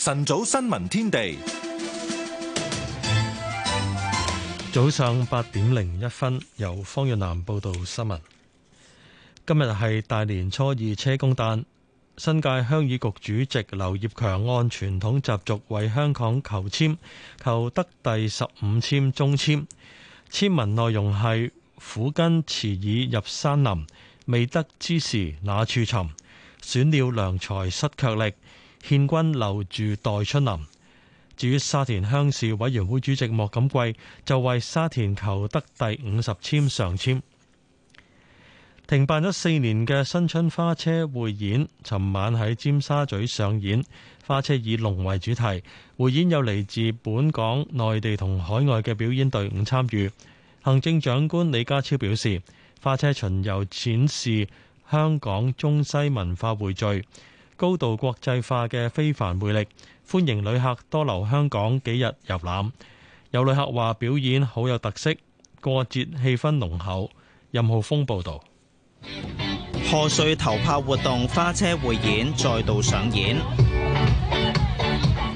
晨早新聞天地，早上八點零一分，由方若南報道新聞。今日係大年初二，車公誕。新界鄉議局主席劉業強按傳統習俗為香港求簽，求得第十五簽中簽。簽文內容係：苦根遲已入山林，未得之時那處尋？選了良才失卻力。獻君留住待春臨。至於沙田鄉事委員會主席莫錦貴，就為沙田求得第五十簽上簽。停辦咗四年嘅新春花車匯演，尋晚喺尖沙咀上演。花車以龍為主題，匯演有嚟自本港、內地同海外嘅表演隊伍參與。行政長官李家超表示，花車巡遊展示香港中西文化匯聚，高度國際化嘅非凡魅力，歡迎旅客多留香港幾日遊覽。有旅客話表演好有特色，過節氣氛濃厚。任浩峰報導，賀歲頭炮活動花車匯演再度上演。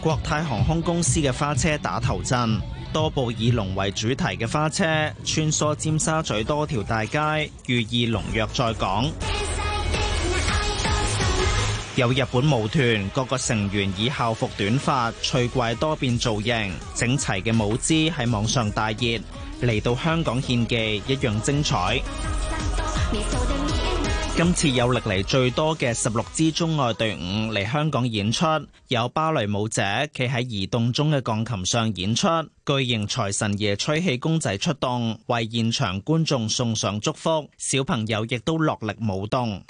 國泰航空公司嘅花車打頭陣，多部以龍為主題嘅花車穿梭尖沙咀多條大街，寓意龍躍在港。有日本舞團各個成員以校服短髮、趣怪多變造型、整齊嘅舞姿喺網上大熱，嚟到香港獻技一樣精彩。嗯、今次有歷嚟最多嘅十六支中外隊伍嚟香港演出，有芭蕾舞者企喺移動中嘅鋼琴上演出，巨型財神爺吹氣公仔出動，為現場觀眾送上祝福，小朋友亦都落力舞動。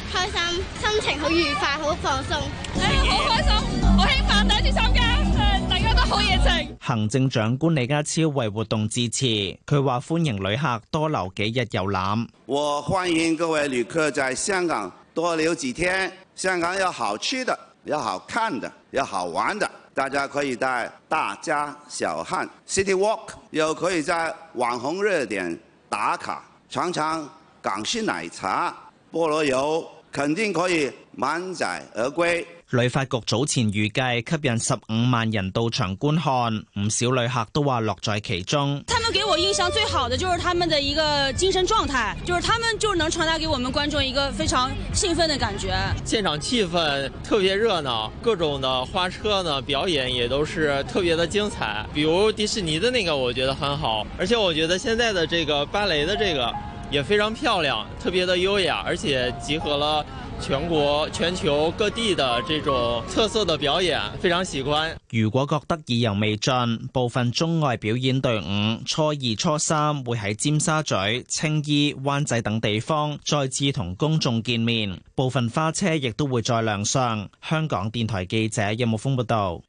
心情好愉快，好放鬆，好開心，好興奮，第一次參加，大家都好熱情。行政長官李家超為活動致辭，佢話歡迎旅客多留幾日遊覽。我歡迎各位旅客在香港多留幾天，香港有好吃的，有好看的，有好玩的，大家可以帶大家小巷 City Walk，又可以在網紅熱點打卡，嘗嘗港式奶茶、菠蘿油。肯定可以滿載而歸。旅發局早前預計吸引十五萬人到場觀看，唔少旅客都話樂在其中。他們給我印象最好的就是他們的一個精神狀態，就是他們就能傳達給我們觀眾一個非常興奮的感覺。現場氣氛特別熱鬧，各種的花車呢表演也都是特別的精彩。比如迪士尼的那個，我覺得很好，而且我覺得現在的這個芭蕾的這個。也非常漂亮，特別的優雅，而且集合了全國、全球各地的這種特色的表演，非常喜歡。如果覺得意猶未盡，部分中外表演隊伍初二、初三會喺尖沙咀、青衣、灣仔等地方再次同公眾見面，部分花車亦都會再亮相。香港電台記者任木峰報道。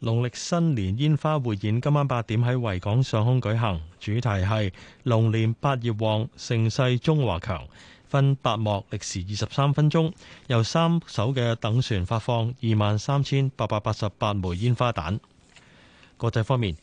農曆新年煙花匯演今晚八點喺維港上空舉行，主題係“龍年八業旺，盛世中華強”，分八幕，歷時二十三分鐘，由三艘嘅躉船發放二萬三千八百八十八枚煙花彈。國際方面。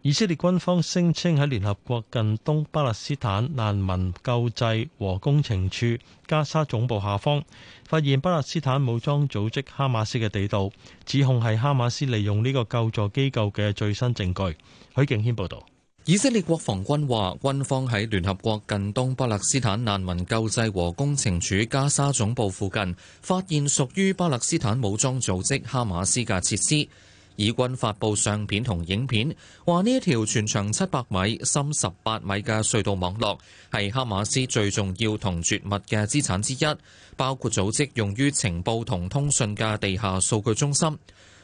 以色列軍方聲稱喺聯合國近東巴勒斯坦難民救濟和工程處加沙總部下方發現巴勒斯坦武裝組織哈馬斯嘅地道，指控係哈馬斯利用呢個救助機構嘅最新證據。許敬軒報導。以色列國防軍話，軍方喺聯合國近東巴勒斯坦難民救濟和工程處加沙總部附近發現屬於巴勒斯坦武裝組織哈馬斯嘅設施。以軍發布相片同影片，話呢一條全長七百米、深十八米嘅隧道網絡係哈馬斯最重要同絕密嘅資產之一，包括組織用於情報同通訊嘅地下數據中心。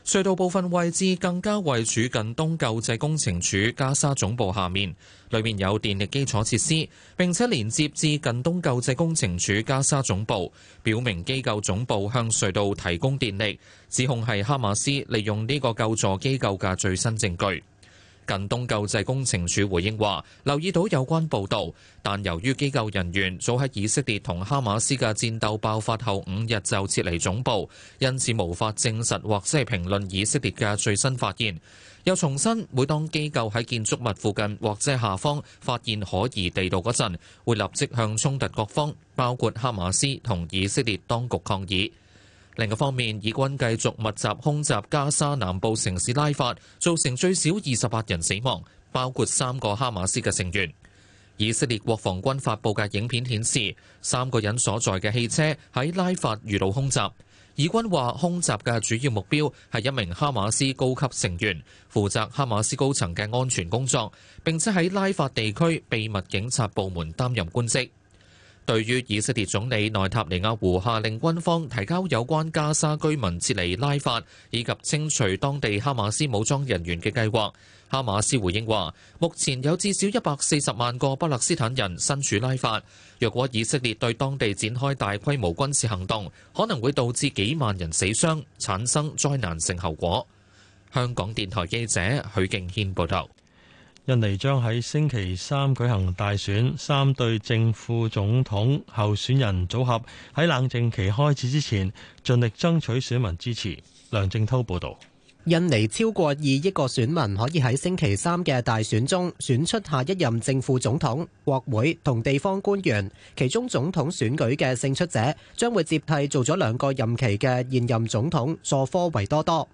隧道部分位置更加位處近東救濟工程署加沙總部下面，裏面有電力基礎設施，並且連接至近東救濟工程署加沙總部，表明機構總部向隧道提供電力，指控係哈馬斯利用呢個救助機構嘅最新證據。近東救濟工程署回應話：留意到有關報道，但由於機構人員早喺以色列同哈馬斯嘅戰鬥爆發後五日就撤離總部，因此無法證實或者係評論以色列嘅最新發現。又重申，每當機構喺建築物附近或者下方發現可疑地道嗰陣，會立即向衝突各方，包括哈馬斯同以色列當局抗議。另一方面，以軍繼續密集空襲加沙南部城市拉法，造成最少二十八人死亡，包括三個哈馬斯嘅成員。以色列國防軍發佈嘅影片顯示，三個人所在嘅汽車喺拉法遇到空襲。以軍話，空襲嘅主要目標係一名哈馬斯高級成員，負責哈馬斯高層嘅安全工作，並且喺拉法地區秘密警察部門擔任官職。對於以色列總理內塔尼亞胡下令軍方提交有關加沙居民撤離拉法以及清除當地哈馬斯武裝人員嘅計劃，哈馬斯回應話：目前有至少一百四十萬個巴勒斯坦人身處拉法，若果以色列對當地展開大規模軍事行動，可能會導致幾萬人死傷，產生災難性後果。香港電台記者許敬軒報道。印尼將喺星期三舉行大選，三對正副總統候選人組合喺冷靜期開始之前，盡力爭取選民支持。梁正濤報道。印尼超過二億個選民可以喺星期三嘅大選中選出下一任正副總統、國會同地方官員，其中總統選舉嘅勝出者將會接替做咗兩個任期嘅現任總統佐科維多多。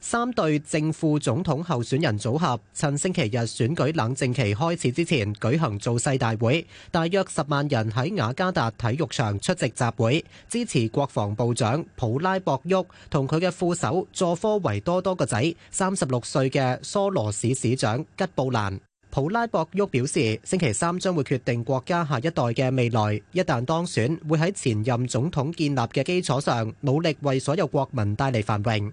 三對正副總統候選人組合趁星期日選舉冷靜期開始之前舉行造勢大會，大約十萬人喺雅加達體育場出席集會，支持國防部長普拉博沃同佢嘅副手佐科維多多個仔三十六歲嘅梭羅市市長吉布蘭。普拉博沃表示，星期三將會決定國家下一代嘅未來。一旦當選，會喺前任總統建立嘅基礎上，努力為所有國民帶嚟繁榮。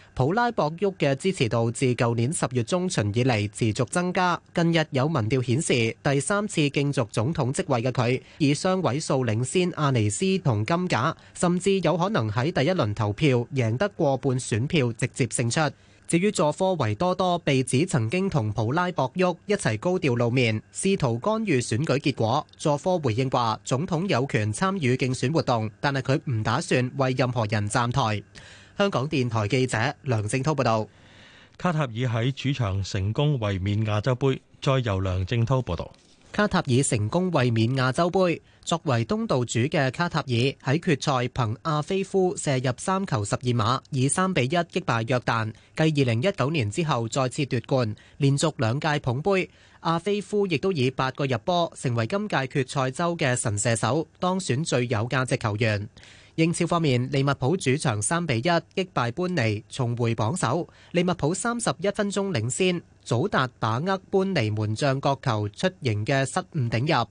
普拉博沃嘅支持度自舊年十月中旬以嚟持續增加，近日有民調顯示，第三次競逐總統職位嘅佢以雙位數領先阿尼斯同金甲，甚至有可能喺第一輪投票贏得過半選票直接勝出。至於佐科維多多被指曾經同普拉博沃一齊高調露面，試圖干預選舉結果，佐科回應話：總統有權參與競選活動，但係佢唔打算為任何人站台。香港電台記者梁正濤報道，卡塔爾喺主場成功衛冕亞洲盃。再由梁正濤報道，卡塔爾成功衛冕亞洲盃。作為東道主嘅卡塔爾喺決賽憑阿菲夫射入三球十二碼，以三比一擊敗約旦，繼二零一九年之後再次奪冠，連續兩屆捧盃。阿菲夫亦都以八個入波成為今屆決賽周嘅神射手，當選最有價值球員。英超方面，利物浦主場三比一擊敗般尼，重回榜首。利物浦三十一分鐘領先，祖達把握般尼門將角球出迎嘅失誤頂入。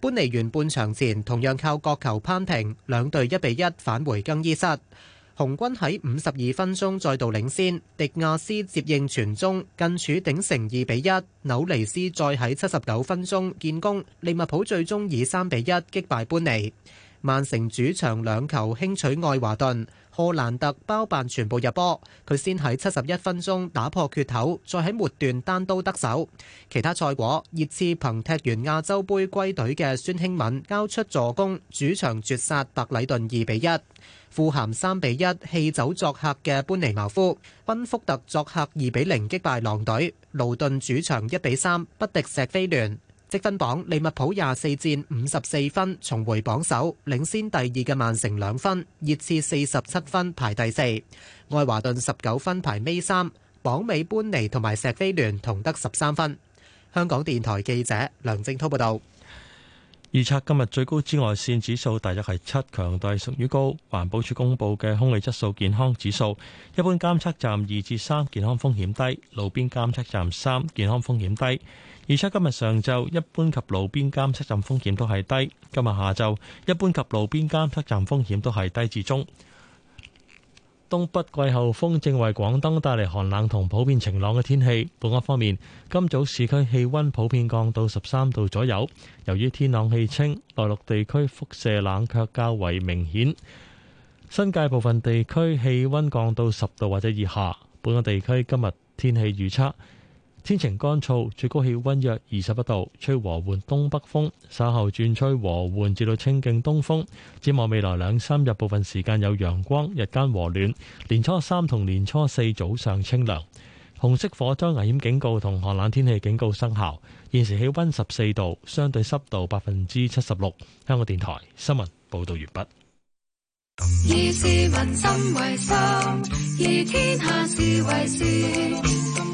般尼完半場前同樣靠角球扳平，兩隊一比一返回更衣室。紅軍喺五十二分鐘再度領先，迪亞斯接應傳中近柱頂成二比一。紐尼斯再喺七十九分鐘建功，利物浦最終以三比一擊敗般尼。曼城主場兩球輕取愛華頓，荷蘭特包辦全部入波，佢先喺七十一分鐘打破缺口，再喺末段單刀得手。其他賽果，熱刺憑踢完亞洲盃歸隊嘅孫興敏交出助攻，主場絕殺白禮頓二比一。富咸三比一氣走作客嘅班尼茅夫，賓福特作客二比零擊敗狼隊，盧頓主場一比三不敵石飛聯。積分榜：利物浦廿四戰五十四分，重回榜首，領先第二嘅曼城兩分；熱刺四十七分排第四，愛華頓十九分排尾三，榜尾班尼同埋石飛聯同得十三分。香港電台記者梁正濤報道。預測今日最高紫外線指數大約係七，強度係屬於高。環保署公布嘅空氣質素健康指數，一般監測站二至三，健康風險低；路邊監測站三，健康風險低。預測今日上晝一般及路邊監測站風險都係低，今日下晝一般及路邊監測站風險都係低至中。東北季候風正為廣東帶嚟寒冷同普遍晴朗嘅天氣。本港方面，今早市區氣溫普遍降到十三度左右，由於天朗氣清，內陸地區輻射冷卻較為明顯，新界部分地區氣溫降到十度或者以下。本港地區今日天氣預測。天晴乾燥，最高氣温約二十一度，吹和緩東北風，稍後轉吹和緩至到清勁東風。展望未來兩三日，部分時間有陽光，日間和暖。年初三同年初四早上清涼。紅色火災危險警告同寒冷天氣警告生效。現時氣温十四度，相對濕度百分之七十六。香港電台新聞報導完畢。以市民心為心，以天下事為事。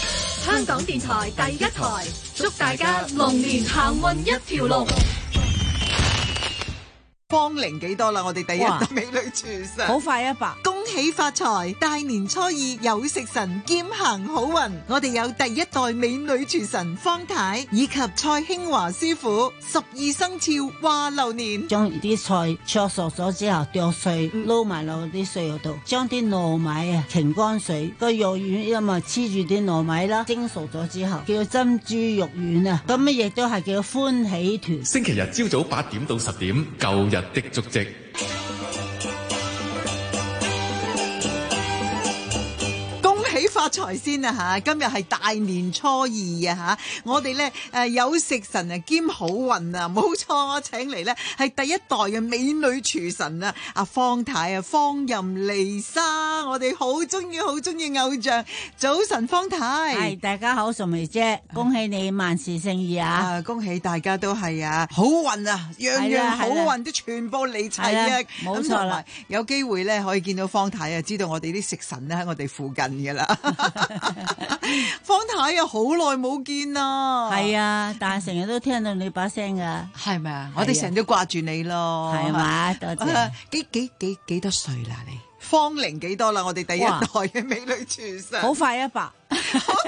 香港電台第一台，祝大家龍年行運一條龍。芳齡幾多啦？我哋第一美女廚神，好快一百。喜發財，大年初二有食神兼行好運。我哋有第一代美女廚神方太以及蔡興華師傅。十二生肖話流年，將啲菜焯熟咗之後剁碎，撈埋落啲碎嗰度，將啲糯米啊擎乾水，個肉丸一咪黐住啲糯米啦，蒸熟咗之後叫珍珠肉丸啊，咁乜嘢都係叫歡喜團。星期日朝早八點到十點，舊日的足跡。發財先啊吓！今日係大年初二啊吓，我哋咧誒有食神啊兼好運啊，冇錯！我請嚟咧係第一代嘅美女廚神啦，阿方太啊，方任利莎，我哋好中意好中意偶像，早晨方太。係大家好，淑梅姐，恭喜你萬事勝意啊，啊！恭喜大家都係啊，好運啊，樣樣好運都全部你齊啊！冇錯啦，有機會咧可以見到方太啊，知道我哋啲食神咧喺我哋附近噶啦。 方太啊，好耐冇見啦！係啊，但係成日都聽到你把聲噶，係咪吧啊？我哋成日都掛住你咯，係嘛？多謝。幾幾幾幾多歲啦？你芳齡幾多啦？我哋第一代嘅美女廚師，好快一百，好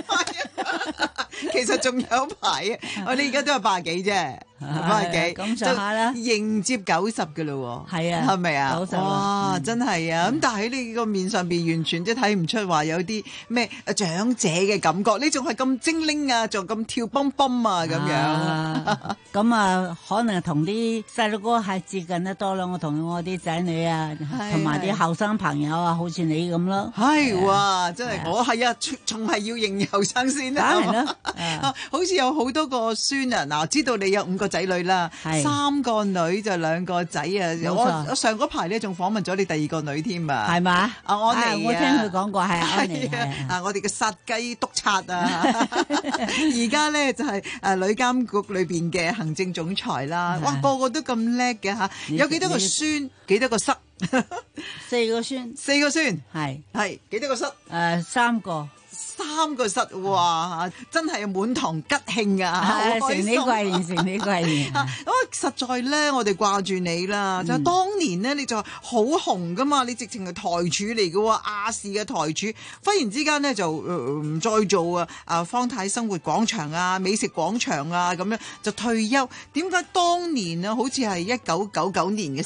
快啊！ 其實仲有排啊，我哋而家都係八幾啫。百幾啦，迎接九十嘅咯喎，係啊，係咪啊？九十哇，真係啊！咁但喺你個面上邊，完全都睇唔出話有啲咩長者嘅感覺。你仲係咁精靈啊，仲咁跳蹦蹦啊，咁樣。咁啊，可能同啲細路哥係接近得多啦。我同我啲仔女啊，同埋啲後生朋友啊，好似你咁咯。係哇，真係我係啊，仲係要認後生先。打啦！好似有好多個孫啊，嗱，知道你有五個。仔女啦，三個女就兩個仔啊！我我上嗰排咧仲訪問咗你第二個女添啊，係嘛？啊，我嚟我聽佢講過係啊，我啊！我哋嘅殺雞督察啊，而家咧就係誒女監局裏邊嘅行政總裁啦。哇，個個都咁叻嘅嚇，有幾多個孫？幾多個侄？四個孫，四個孫，係係，幾多個侄？誒，三個。三個室哇，真係滿堂吉慶啊！承你貴言，承你貴言。咁、啊啊、實在咧，我哋掛住你啦。嗯、就當年咧，你就好紅噶嘛，你直情係台柱嚟嘅，亞視嘅台柱。忽然之間咧，就唔、呃、再做啊！啊，方太生活廣場啊，美食廣場啊，咁樣就退休。點解當年，年啊，好似係一九九九年嘅時候。